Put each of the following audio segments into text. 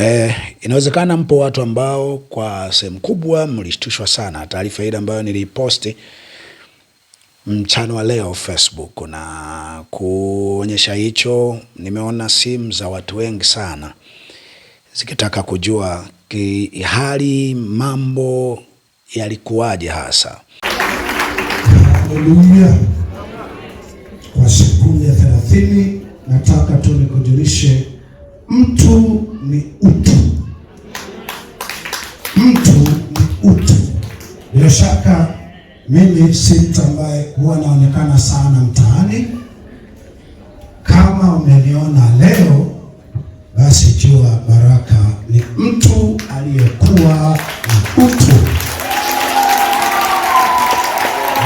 Eh, inawezekana mpo watu ambao kwa sehemu kubwa mlishtushwa sana taarifa ile ambayo niliposti mchana wa leo Facebook, na kuonyesha hicho, nimeona simu za watu wengi sana zikitaka kujua hali mambo yalikuwaje hasa. Haleluya! Kwa siku ya 30 nataka tu nikujulishe mtu ni utu. Mtu ni utu. Bila shaka mimi si mtu ambaye huwa naonekana sana mtaani. Kama umeniona leo, basi jua Baraka ni mtu aliyekuwa na utu,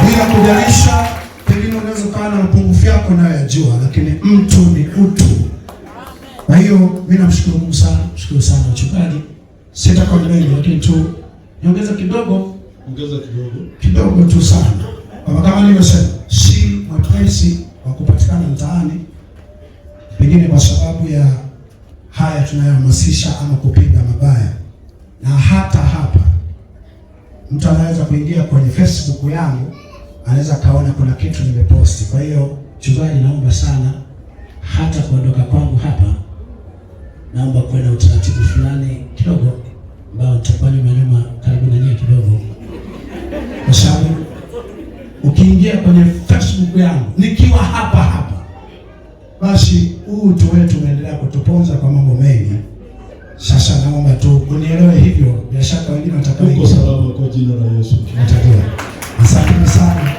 bila kujalisha, pengine unaweza ukawa na mapungufu yako nayo yajua, lakini mtu ni utu. Kwa hiyo mimi namshukuru Mungu sana, mshukuru sana mchungaji. Sitakuwa mengi lakini tu niongeza kidogo, ongeza kidogo. Kidogo tu sana. Kwa kama nilivyosema, si mwepesi wa kupatikana mtaani. Pengine kwa sababu ya haya tunayohamasisha ama kupinga mabaya. Na hata hapa mtu anaweza kuingia kwenye Facebook yangu anaweza kaona kuna kitu nimeposti. Kwa hiyo mchungaji, naomba sana hata kuondoka kwangu hapa naomba kuwe na utaratibu fulani kidogo ambao nitafanya maneno karibu na nyie kidogo, kwa sababu ukiingia kwenye Facebook yangu nikiwa hapa hapa, basi huu utu wetu unaendelea kutuponza kwa mambo mengi. Sasa naomba tu unielewe hivyo, bila shaka wengine watakaoingia salama kwa jina la Yesu. Natakiwa asante sana,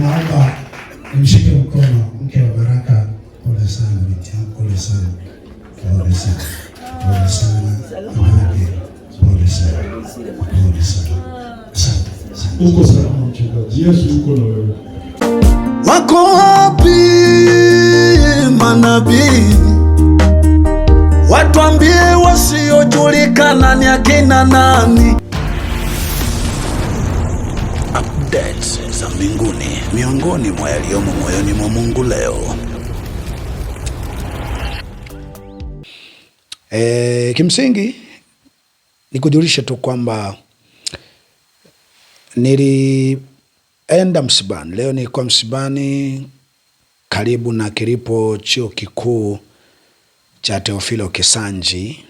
naomba nimshike mkono mke wa Baraka. Pole sana binti yangu, pole sana pole sana, pole sana, manake pole sana, pole sana. Uko salama mchungaji, Yesu yuko na wewe. Wako wapi manabii? Watuambie wasiojulikana ni akina nani? Updates za mbinguni, miongoni mwa yaliyomo moyoni mwa Mungu leo. E, kimsingi nikujulishe tu kwamba nilienda msibani leo. Nilikuwa msibani karibu na kilipo chuo kikuu cha Teofilo Kisanji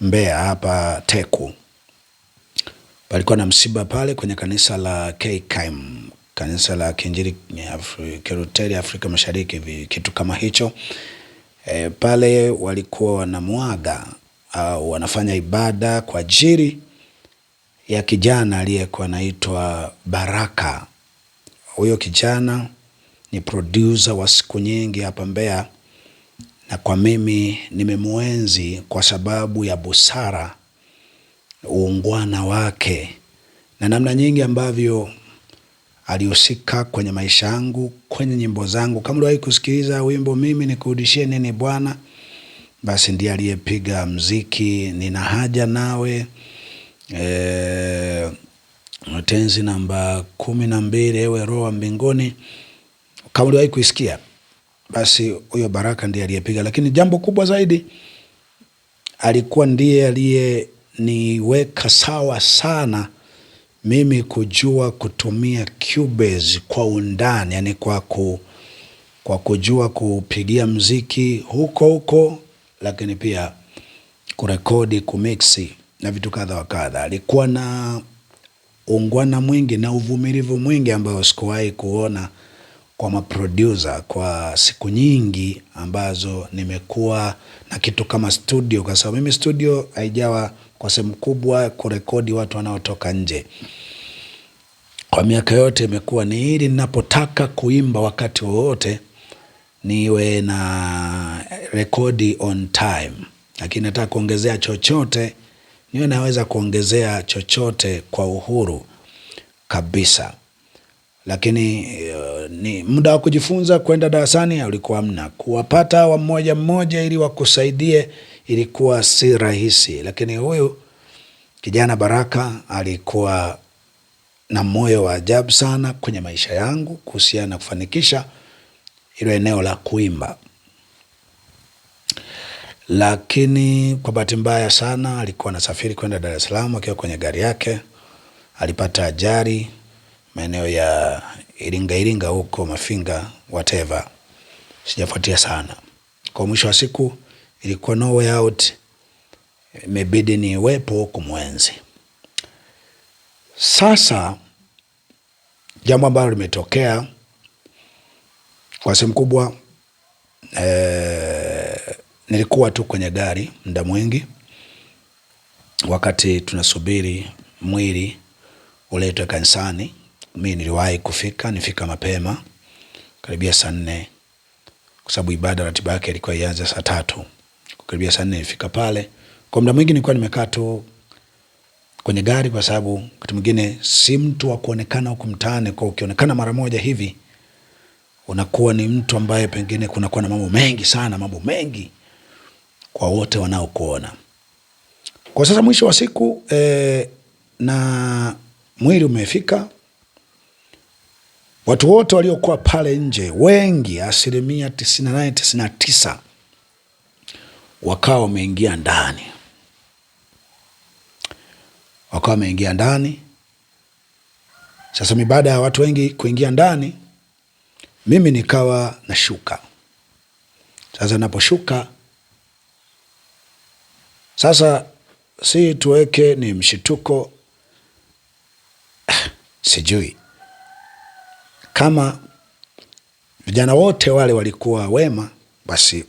Mbeya, hapa Teku. Palikuwa na msiba pale kwenye kanisa la KKM, kanisa la Kiinjili Kilutheri Afrika Mashariki, kitu kama hicho e, pale walikuwa wanamwaga au wanafanya ibada kwa ajili ya kijana aliyekuwa anaitwa Baraka. Huyo kijana ni producer wa siku nyingi hapa Mbeya, na kwa mimi nimemwenzi kwa sababu ya busara, uungwana wake na namna nyingi ambavyo alihusika kwenye maisha yangu, kwenye nyimbo zangu. Kama uliwahi kusikiliza wimbo mimi nikurudishie nini Bwana, basi ndiye aliyepiga mziki nina haja nawe. E, tenzi namba kumi na mbili, ewe roho wa mbinguni. Kama uliwahi kuisikia, basi huyo Baraka ndiye aliyepiga, lakini jambo kubwa zaidi alikuwa ndiye aliyeniweka sawa sana mimi kujua kutumia Cubase kwa undani, yani kwa, ku, kwa kujua kupigia mziki huko huko, lakini pia kurekodi, kumiksi na vitu kadha wa kadha. Alikuwa na ungwana mwingi na uvumilivu mwingi ambao sikuwahi kuona kwa maproducer kwa siku nyingi ambazo nimekuwa na kitu kama studio, kwa sababu mimi studio haijawa kwa sehemu kubwa kurekodi watu wanaotoka nje. Kwa miaka yote imekuwa ni ili ninapotaka kuimba wakati wowote niwe na rekodi on time, lakini nataka kuongezea chochote niwe naweza kuongezea chochote kwa uhuru kabisa lakini uh, ni muda wa kujifunza kwenda darasani ulikuwa mna Kuwapata wa mmoja mmoja ili wakusaidie ilikuwa si rahisi, lakini huyu kijana Baraka alikuwa na moyo wa ajabu sana kwenye maisha yangu kuhusiana na kufanikisha ilo eneo la kuimba, lakini kwa bahati mbaya sana alikuwa anasafiri kwenda Dar es Salaam akiwa kwenye gari yake, alipata ajali maeneo ya Iringa Iringa huko Mafinga wateva sijafuatia sana. Kwa mwisho wa siku ilikuwa no way out, imebidi huko mwenzi. Sasa jambo ambalo limetokea kwa sehemu kubwa e, eh, nilikuwa tu kwenye gari muda mwingi wakati tunasubiri mwili uletwe kanisani mi niliwahi kufika, nifika mapema karibia saa nne kwa sababu ibada ratiba yake ilikuwa ianze saa tatu. Karibia saa nne nifika pale. Kwa muda mwingi nilikuwa nimekaa tu kwenye gari, kwa sababu wakati mwingine si mtu wa kuonekana huku mtaani, kwa ukionekana mara moja hivi unakuwa ni mtu ambaye pengine kunakuwa na mambo mengi sana, mambo mengi kwa wote wanaokuona. Kwa sasa mwisho wa siku eh, na mwili umefika Watu wote waliokuwa pale nje, wengi, asilimia 98 99, wakawa wameingia ndani, wakawa wameingia ndani. Sasa mi baada ya watu wengi kuingia ndani, mimi nikawa nashuka. Sasa naposhuka sasa, si tuweke ni mshituko, sijui kama vijana wote wale walikuwa wema, basi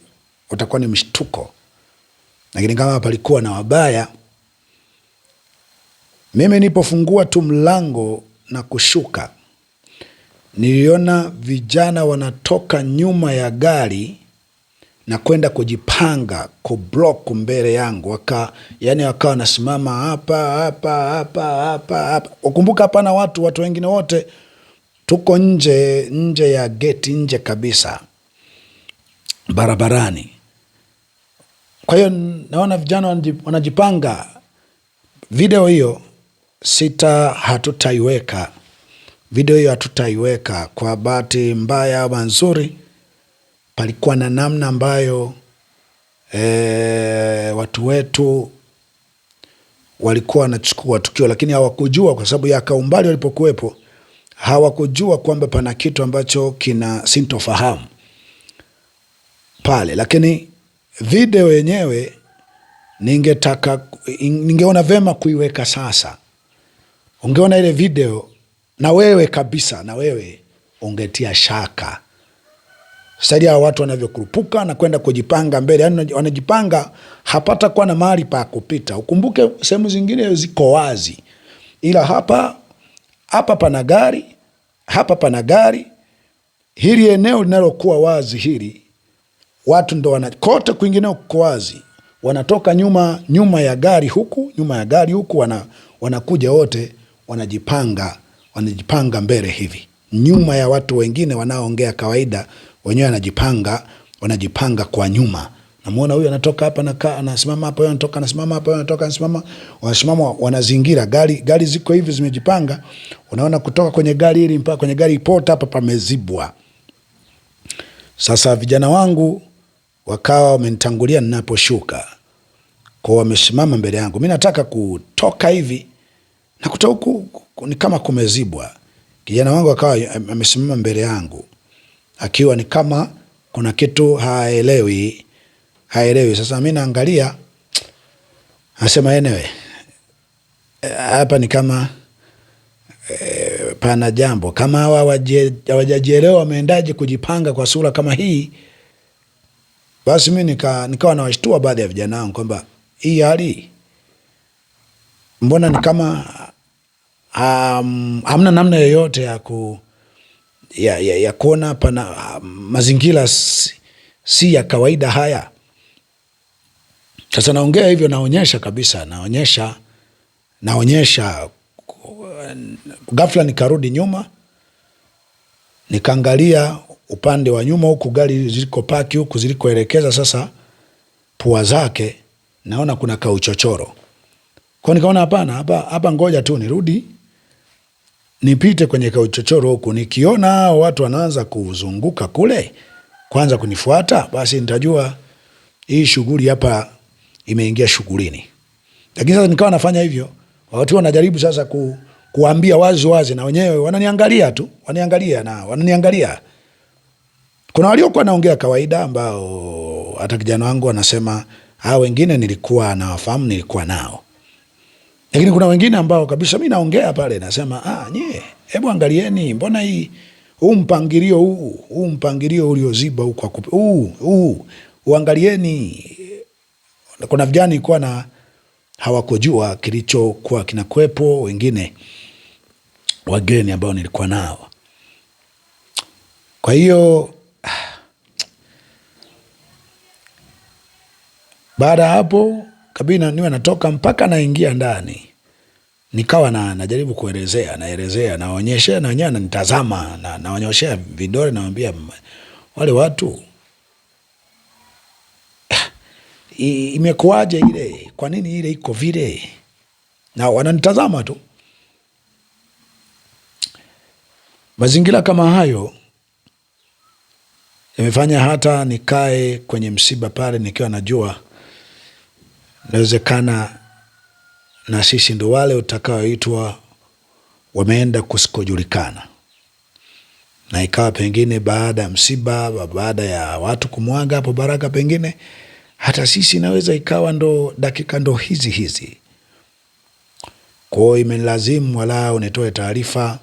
utakuwa ni mshtuko, lakini kama palikuwa na wabaya, mimi nipofungua tu mlango na kushuka, niliona vijana wanatoka nyuma ya gari na kwenda kujipanga kublock mbele yangu waka, yani wakawa wanasimama hapa hapa hapa hapa hapa. Ukumbuka hapana watu watu wengine wote tuko nje nje ya geti, nje kabisa barabarani. Kwa hiyo naona vijana wanajipanga. Video hiyo sita, hatutaiweka video hiyo, hatutaiweka kwa bahati mbaya au nzuri. Palikuwa na namna ambayo e, watu wetu walikuwa wanachukua tukio, lakini hawakujua kwa sababu ya kaumbali walipokuwepo hawakujua kwamba pana kitu ambacho kina sintofahamu pale, lakini video yenyewe ningetaka ningeona vema kuiweka sasa. Ungeona ile video na wewe kabisa, na wewe ungetia shaka saidi hawa watu wanavyokurupuka na kwenda kujipanga mbele, yani wanajipanga hapata kuwa na mahali pa kupita. Ukumbuke sehemu zingine ziko wazi, ila hapa hapa pana gari, hapa pana gari. Hili eneo linalokuwa wazi hili, watu ndo wana kote kwingineo kuko wazi, wanatoka nyuma nyuma ya gari huku, nyuma ya gari huku, wana wanakuja wote, wanajipanga wanajipanga mbele hivi, nyuma ya watu wengine wanaoongea kawaida, wenyewe wanajipanga wanajipanga kwa nyuma namwona huyu anatoka hapa na anasimama hapa, huyu anatoka anasimama hapa, huyu anatoka anasimama, wanasimama wanazingira gari. Gari ziko hivi zimejipanga, unaona kutoka kwenye gari hili mpaka kwenye gari ipota hapa pamezibwa. Sasa vijana wangu wakawa wamenitangulia ninaposhuka, kwa wamesimama mbele yangu. Mimi nataka kutoka hivi na kutoka huku ni kama kumezibwa. Kijana wangu akawa eh, amesimama mbele yangu akiwa ni kama kuna kitu haelewi haelewi. Sasa mimi naangalia, nasema enewe hapa ni kama e, pana jambo. Kama hawa hawajajielewa wameendaje kujipanga kwa sura kama hii? Basi mi nika, nikawa nawashtua baadhi ya vijana wangu kwamba hii hali mbona ni kama um, hamna namna yoyote ya ku ya, ya, ya kuona pana um, mazingira si, si ya kawaida haya. Sasa naongea hivyo, naonyesha kabisa, naonyesha naonyesha. Ghafla nikarudi nyuma, nikaangalia upande wa nyuma huku gari ziliko paki huku zilikoelekeza sasa pua zake, naona kuna kauchochoro kwao. Nikaona hapana, hapa hapa, ngoja tu nirudi nipite kwenye kauchochoro huku, nikiona hao watu wanaanza kuzunguka kule, kwanza kunifuata, basi nitajua hii shughuli hapa imeingia shughulini. Lakini sasa nikawa nafanya hivyo, watu wanajaribu sasa ku, kuambia wazi wazi, na wenyewe wananiangalia tu, wananiangalia na wananiangalia. Kuna waliokuwa naongea kawaida, ambao hata kijana wangu anasema hao ah, wengine nilikuwa nawafahamu, nilikuwa nao lakini kuna wengine ambao kabisa mi naongea pale nasema ah, nye, hebu angalieni, mbona hii huu mpangilio huu huu mpangilio ulioziba huu, uangalieni kuna vijana ilikuwa na hawakujua kilichokuwa kinakwepo, wengine wageni ambao nilikuwa nao. Kwa hiyo baada ya hapo kabina niwe natoka mpaka naingia ndani, nikawa na najaribu kuelezea, naelezea, naonyeshea, na wenyewe nanitazama, nawanyoshea vidole, nawambia wale watu imekuaje ile, kwa nini ile iko vile, na wananitazama tu. Mazingira kama hayo yamefanya hata nikae kwenye msiba pale nikiwa najua inawezekana na sisi ndo wale utakaoitwa wameenda kusikojulikana, na ikawa pengine baada ya msiba, baada ya watu kumwaga hapo baraka, pengine hata sisi inaweza ikawa ndo dakika ndo hizi hizi. Kwao imelazimu walau nitoe taarifa,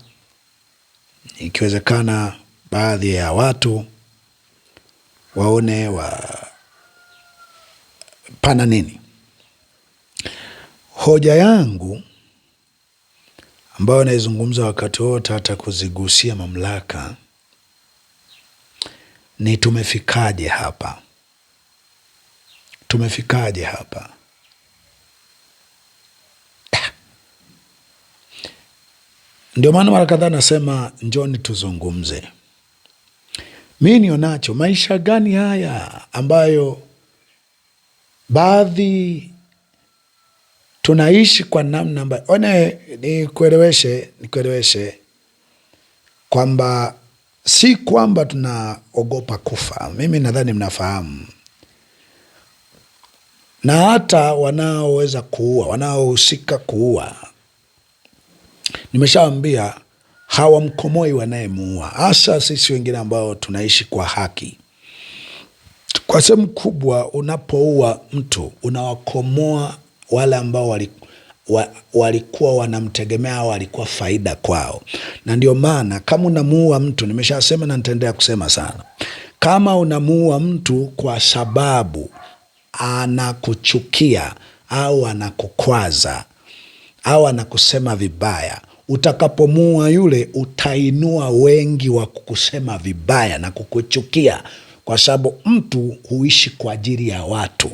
ikiwezekana baadhi ya watu waone wa pana nini. Hoja yangu ambayo naizungumza wakati wote, hata kuzigusia mamlaka, ni tumefikaje hapa? tumefikaje hapa? Ndio maana mara kadhaa nasema njoni tuzungumze. Mi nionacho, maisha gani haya ambayo baadhi tunaishi kwa namna ambayo one, nikueleweshe, nikueleweshe kwamba si kwamba tunaogopa kufa. Mimi nadhani mnafahamu na hata wanaoweza kuua, wanaohusika kuua, nimeshawambia hawamkomoi wanayemuua, hasa sisi wengine ambao tunaishi kwa haki. Kwa sehemu kubwa, unapoua mtu unawakomoa wale ambao walikuwa wa, walikuwa wanamtegemea au walikuwa faida kwao, na ndio maana kama unamuua mtu, nimeshasema na nitaendelea kusema sana, kama unamuua mtu kwa sababu anakuchukia au anakukwaza au anakusema vibaya, utakapomuua yule, utainua wengi wa kukusema vibaya na kukuchukia, kwa sababu mtu huishi kwa ajili ya watu.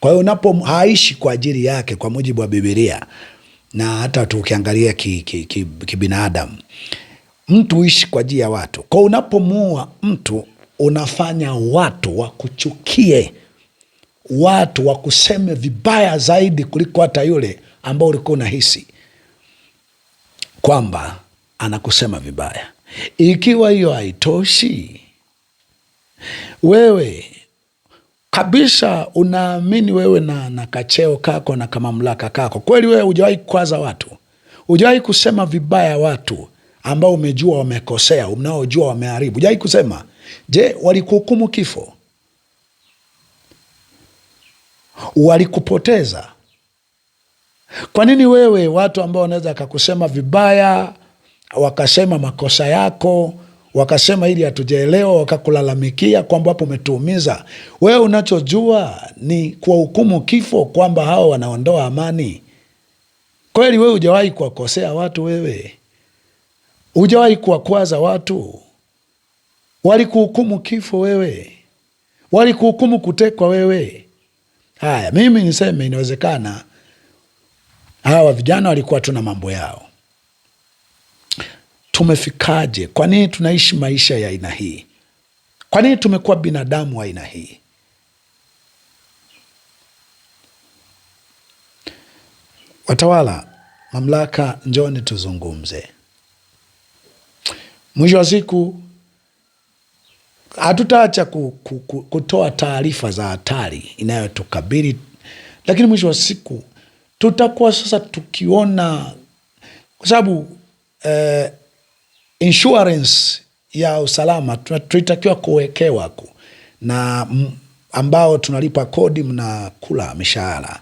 Kwa hiyo unapo haishi kwa ajili yake, kwa mujibu wa Bibilia na hata tukiangalia kibinadamu ki, ki, ki mtu huishi kwa ajili ya watu. Kwa unapomuua mtu unafanya watu wakuchukie watu wakuseme vibaya zaidi kuliko hata yule ambao ulikuwa unahisi kwamba anakusema vibaya. Ikiwa hiyo haitoshi, wewe kabisa unaamini wewe na, na kacheo kako na kamamlaka kako kweli, wewe hujawahi kukwaza watu, hujawahi kusema vibaya watu ambao umejua wamekosea, unaojua wameharibu, hujawahi kusema. Je, walikuhukumu kifo? walikupoteza. Kwa nini wewe, watu ambao wanaweza akakusema vibaya, wakasema makosa yako, wakasema ili hatujaelewa, wakakulalamikia kwamba hapo umetuumiza wewe, unachojua ni kuwahukumu kifo, kwamba hao wanaondoa amani. Kweli wewe hujawahi kuwakosea watu, wewe hujawahi kuwakwaza watu, walikuhukumu kifo wewe, walikuhukumu kutekwa wewe Haya, mimi niseme inawezekana hawa vijana walikuwa tuna mambo yao. Tumefikaje? Kwa nini tunaishi maisha ya aina hii? Kwa nini tumekuwa binadamu wa aina hii? Watawala, mamlaka, njoni tuzungumze. Mwisho wa siku hatutaacha ku, ku, ku, kutoa taarifa za hatari inayotukabili, lakini mwisho wa siku tutakuwa sasa tukiona kwa sababu eh, insurance ya usalama tulitakiwa kuwekewa ku na m, ambao tunalipa kodi, mnakula mishahara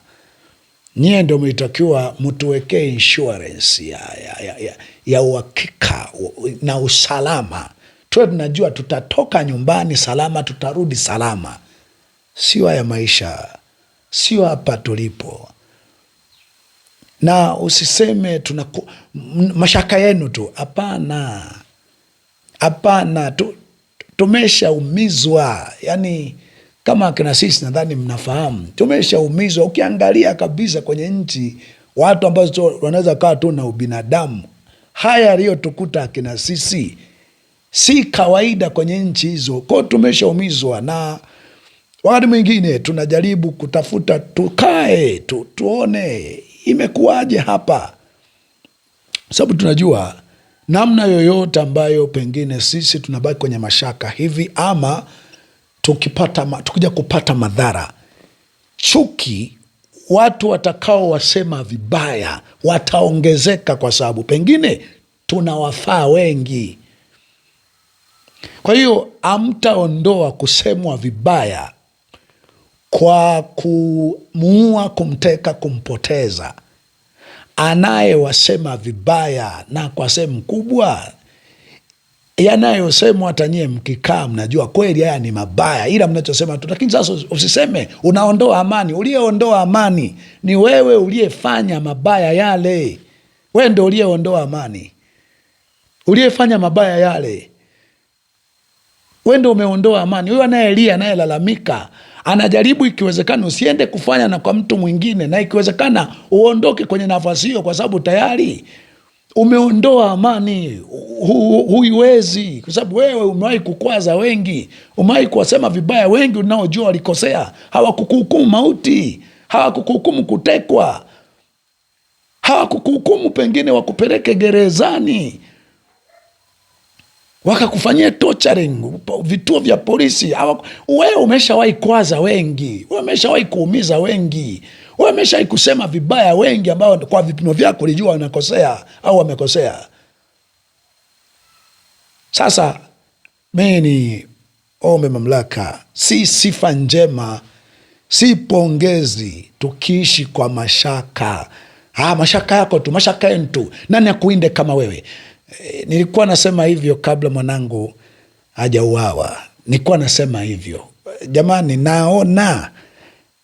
nyie, ndio mlitakiwa mtuwekee insurance ya, ya, ya, ya, ya uhakika na usalama tuwe tunajua tutatoka nyumbani salama, tutarudi salama. Sio haya maisha, sio hapa tulipo. Na usiseme tuna mashaka yenu tu, hapana, hapana. Tumeshaumizwa yani kama akina sisi nadhani mnafahamu, tumeshaumizwa. Ukiangalia kabisa kwenye nchi watu ambazo wanaweza kawa tu na ubinadamu, haya yaliyotukuta akina sisi si kawaida kwenye nchi hizo. Kwao tumeshaumizwa na wakati mwingine tunajaribu kutafuta, tukae tu, tuone imekuwaje hapa, sababu tunajua namna yoyote ambayo pengine sisi tunabaki kwenye mashaka hivi ama tukipata, tukija kupata madhara, chuki, watu watakao wasema vibaya wataongezeka, kwa sababu pengine tunawafaa wengi kwa hiyo amtaondoa kusemwa vibaya kwa kumuua, kumteka, kumpoteza anayewasema vibaya, na kwa sehemu kubwa yanayosemwa hata nyie mkikaa mnajua kweli haya ni mabaya, ila mnachosema tu. Lakini sasa usiseme unaondoa amani. Uliyeondoa amani ni wewe uliyefanya mabaya yale, wewe ndo uliyeondoa amani, uliyefanya mabaya yale we ndo umeondoa amani. Huyo anayelia anayelalamika anajaribu ikiwezekana usiende kufanya na kwa mtu mwingine, na ikiwezekana uondoke kwenye nafasi hiyo, kwa sababu tayari umeondoa amani. Huiwezi kwa sababu wewe umewahi kukwaza wengi, umewahi kuwasema vibaya wengi unaojua walikosea. Hawakukuhukumu mauti, hawakukuhukumu kutekwa, hawakukuhukumu pengine wakupeleke gerezani wakakufanyia torturing, vituo vya polisi. Wewe umeshawahi kwaza wengi, wewe umeshawahi kuumiza wengi, we umeshawahi kusema vibaya wengi, ambao kwa vipimo vyako ulijua wanakosea au wamekosea. Sasa mi ni ombe mamlaka, si sifa njema, si pongezi tukiishi kwa mashaka. Ha, ah, mashaka yako tu, mashaka tu, nani akuinde kama wewe? Eh, nilikuwa nasema hivyo kabla mwanangu hajauawa, nilikuwa nasema hivyo eh, jamani, naona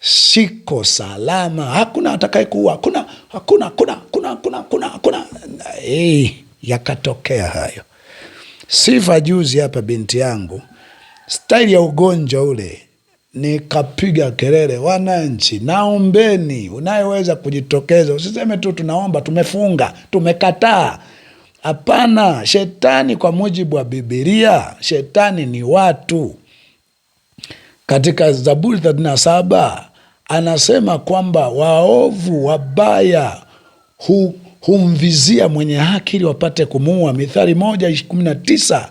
siko salama, hakuna atakaye kuua, hakuna hakuna hakuna hakuna hakuna hakuna. Hey, eh, yakatokea hayo. Sifa juzi hapa, binti yangu staili ya ugonjwa ule, nikapiga kelele, wananchi, naombeni, unayeweza kujitokeza, usiseme tu tunaomba, tumefunga, tumekataa Hapana, shetani kwa mujibu wa Bibilia, shetani ni watu. Katika Zaburi 37 anasema kwamba waovu wabaya hu, humvizia mwenye haki ili wapate kumuua. Mithali moja na tisa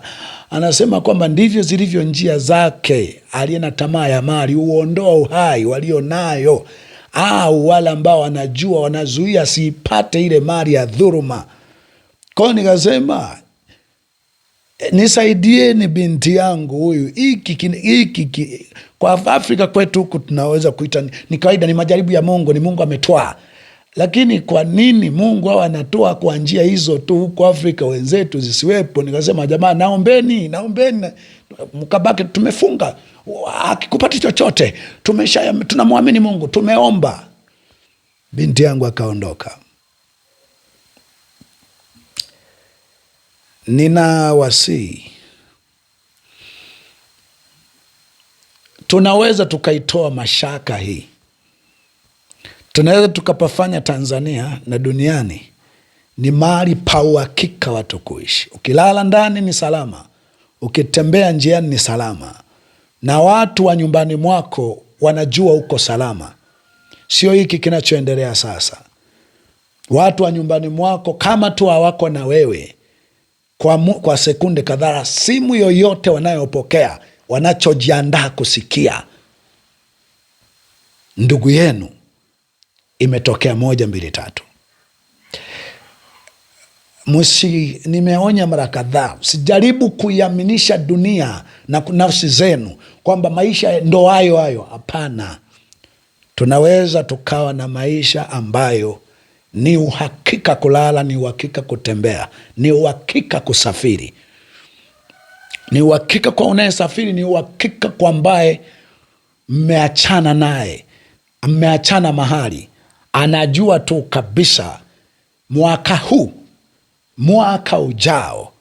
anasema kwamba ndivyo zilivyo njia zake aliye na tamaa ya mali, huondoa uhai walio nayo, au wale ambao wanajua wanazuia siipate ile mali ya dhuruma. Kwa nikasema eh, nisaidieni binti yangu huyu, hiki kwa Afrika kwetu huku tunaweza kuita ni kawaida, ni majaribu ya Mungu, ni Mungu ametwaa. Lakini kwa nini Mungu awa anatoa kwa njia hizo tu huku Afrika wenzetu zisiwepo? Nikasema jamaa, naombeni, naombeni mkabaki, tumefunga, akikupati chochote, tumesha tunamwamini Mungu, tumeomba. Binti yangu akaondoka. nina wasii tunaweza tukaitoa mashaka hii, tunaweza tukapafanya Tanzania na duniani ni mahali pa uhakika watu kuishi. Ukilala ndani ni salama, ukitembea njiani ni salama, na watu wa nyumbani mwako wanajua uko salama. Sio hiki kinachoendelea sasa. Watu wa nyumbani mwako kama tu hawako na wewe kwa, mu, kwa sekunde kadhaa simu yoyote wanayopokea wanachojiandaa kusikia ndugu yenu imetokea moja mbili tatu. Msi, nimeonya mara kadhaa, sijaribu kuiaminisha dunia na nafsi zenu kwamba maisha ndo hayo hayo. Hapana, tunaweza tukawa na maisha ambayo ni uhakika kulala, ni uhakika kutembea, ni uhakika kusafiri, ni uhakika kwa unayesafiri, ni uhakika kwa ambaye mmeachana naye, mmeachana mahali, anajua tu kabisa mwaka huu, mwaka ujao,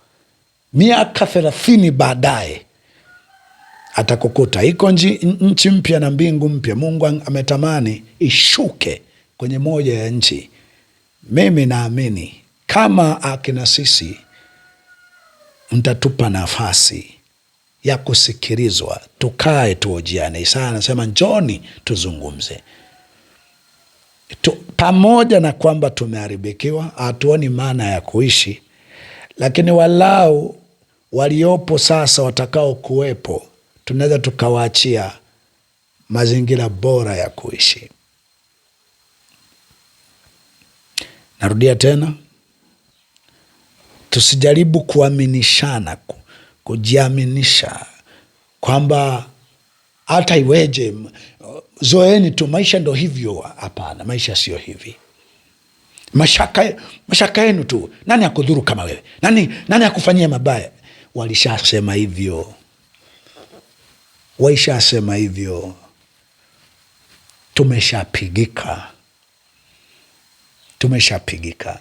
miaka thelathini baadaye atakukuta iko nchi mpya na mbingu mpya. Mungu ametamani ishuke kwenye moja ya nchi mimi naamini kama akina sisi mtatupa nafasi ya kusikilizwa, tukae tuojiane. Isaya anasema njoni tuzungumze tu, pamoja na kwamba tumeharibikiwa, hatuoni maana ya kuishi, lakini walau waliopo sasa, watakao kuwepo, tunaweza tukawaachia mazingira bora ya kuishi. Narudia tena, tusijaribu kuaminishana, kujiaminisha kwamba hata iweje, zoeni tu, maisha ndo hivyo. Hapana, maisha sio hivi. Mashaka, mashaka yenu tu. Nani akudhuru kama wewe? Nani, nani akufanyia mabaya? Walishasema hivyo, waishasema hivyo, tumeshapigika tumeshapigika.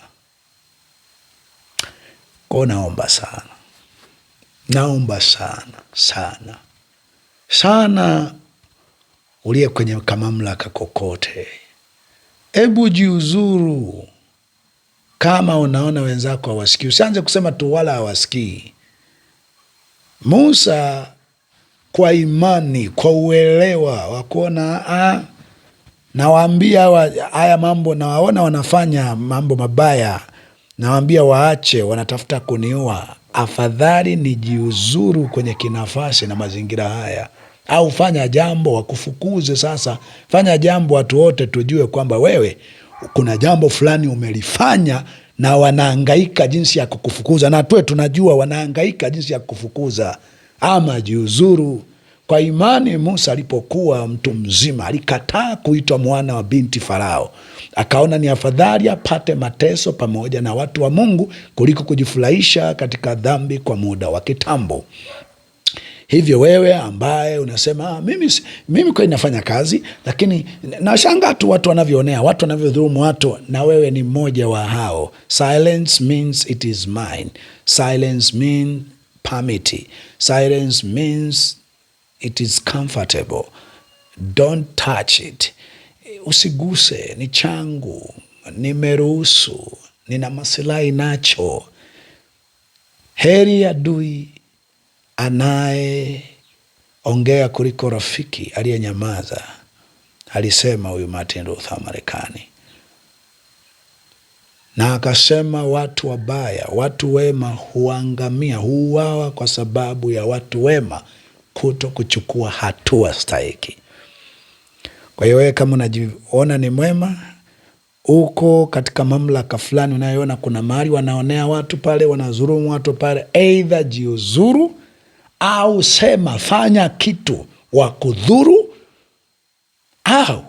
Ko, naomba sana, naomba sana sana sana, uliye kwenye kamamlaka kokote, hebu jiuzuru kama unaona wenzako hawasikii. Usianze kusema tu wala hawasikii. Musa kwa imani, kwa uelewa wa kuona ah, nawaambia wa, haya mambo nawaona wanafanya mambo mabaya, nawaambia waache, wanatafuta kuniua. Afadhali nijiuzuru kwenye kinafasi na mazingira haya, au fanya jambo wakufukuze. Sasa fanya jambo, watu wote tujue kwamba wewe kuna jambo fulani umelifanya na wanaangaika jinsi ya kukufukuza, na tuwe tunajua wanaangaika jinsi ya kukufukuza. Ama jiuzuru. Kwa imani Musa alipokuwa mtu mzima alikataa kuitwa mwana wa binti Farao. Akaona ni afadhali apate mateso pamoja na watu wa Mungu kuliko kujifurahisha katika dhambi kwa muda wa kitambo. Hivyo wewe ambaye unasema ah, mimi, mimi kweli nafanya kazi, lakini nashangaa tu watu wanavyoonea, watu wanavyodhulumu watu, na wewe ni mmoja wa hao. Silence means it is mine. Silence means permit. Silence means it is comfortable, don't touch it. Usiguse, ni changu, nimeruhusu, nina masilahi nacho. Heri adui anayeongea kuliko rafiki aliyenyamaza, alisema huyu Martin Luther wa Marekani. Na akasema watu wabaya, watu wema huangamia, huuawa kwa sababu ya watu wema kuto kuchukua hatua stahiki. Kwa hiyo wewe kama unajiona ni mwema, uko katika mamlaka fulani unayoona kuna mahali wanaonea watu pale, wanazurumu watu pale, eidha jiuzuru au sema fanya kitu wa kudhuru au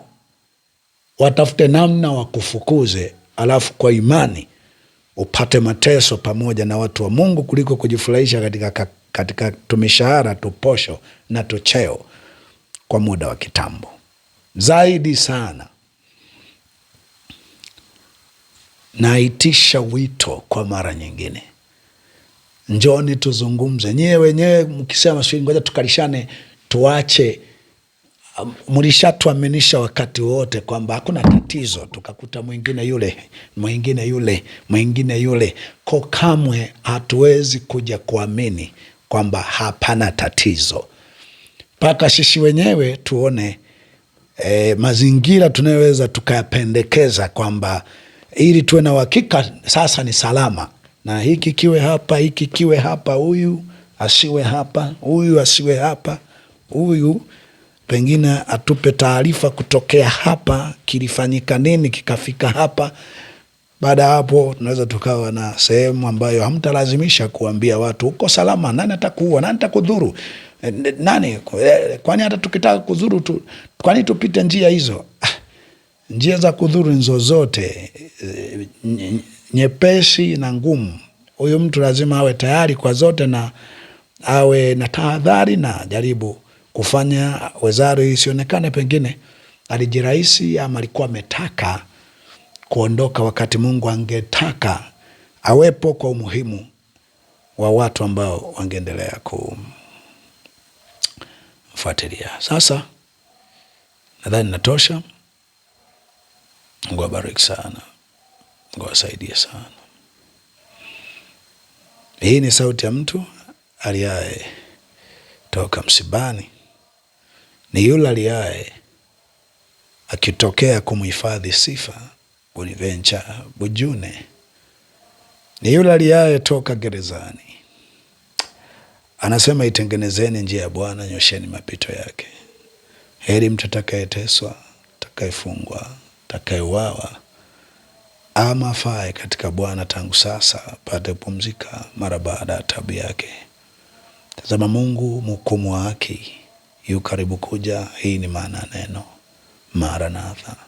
watafute namna wakufukuze alafu kwa imani upate mateso pamoja na watu wa Mungu kuliko kujifurahisha katika katika tumishahara tuposho na tucheo kwa muda wa kitambo zaidi sana. Naitisha wito kwa mara nyingine, njoni tuzungumze. nyie wenyewe mkisema sijui, ngoja tukalishane, tuache mlishatuaminisha wakati wote kwamba hakuna tatizo, tukakuta mwingine yule mwingine yule mwingine yule ko, kamwe hatuwezi kuja kuamini kwamba hapana tatizo, mpaka sisi wenyewe tuone e, mazingira tunayoweza tukayapendekeza kwamba ili tuwe na uhakika sasa ni salama, na hiki kiwe hapa, hiki kiwe hapa, huyu asiwe hapa, huyu asiwe hapa, huyu pengine atupe taarifa kutokea hapa, kilifanyika nini kikafika hapa. Baada ya hapo tunaweza tukawa na sehemu ambayo hamtalazimisha kuambia watu uko salama, nani atakuua, nani atakudhuru, eh, nani eh, kwani, hata tukitaka kudhuru tu, kwani tupite njia hizo? Ah, njia za kudhuru nzo zote eh, nyepesi na ngumu. Huyu mtu lazima awe tayari kwa zote na awe na tahadhari na jaribu kufanya wezaro isionekane pengine alijirahisi ama alikuwa ametaka kuondoka wakati Mungu angetaka awepo kwa umuhimu wa watu ambao wangeendelea kumfuatilia. Sasa nadhani natosha. Mungu awabariki sana, Mungu awasaidie sana. Hii ni sauti ya mtu aliaye toka msibani, ni yule aliaye akitokea kumhifadhi sifa Bonaventure Bujune ni yule aliyetoka gerezani. Anasema, itengenezeni njia ya Bwana, nyosheni mapito yake. Heri mtu atakayeteswa, atakayefungwa, atakayeuawa ama afaye katika Bwana tangu sasa apate kupumzika mara baada ya tabu yake. Tazama, Mungu mhukumu wa haki yu karibu kuja. Hii ni maana ya neno maranatha.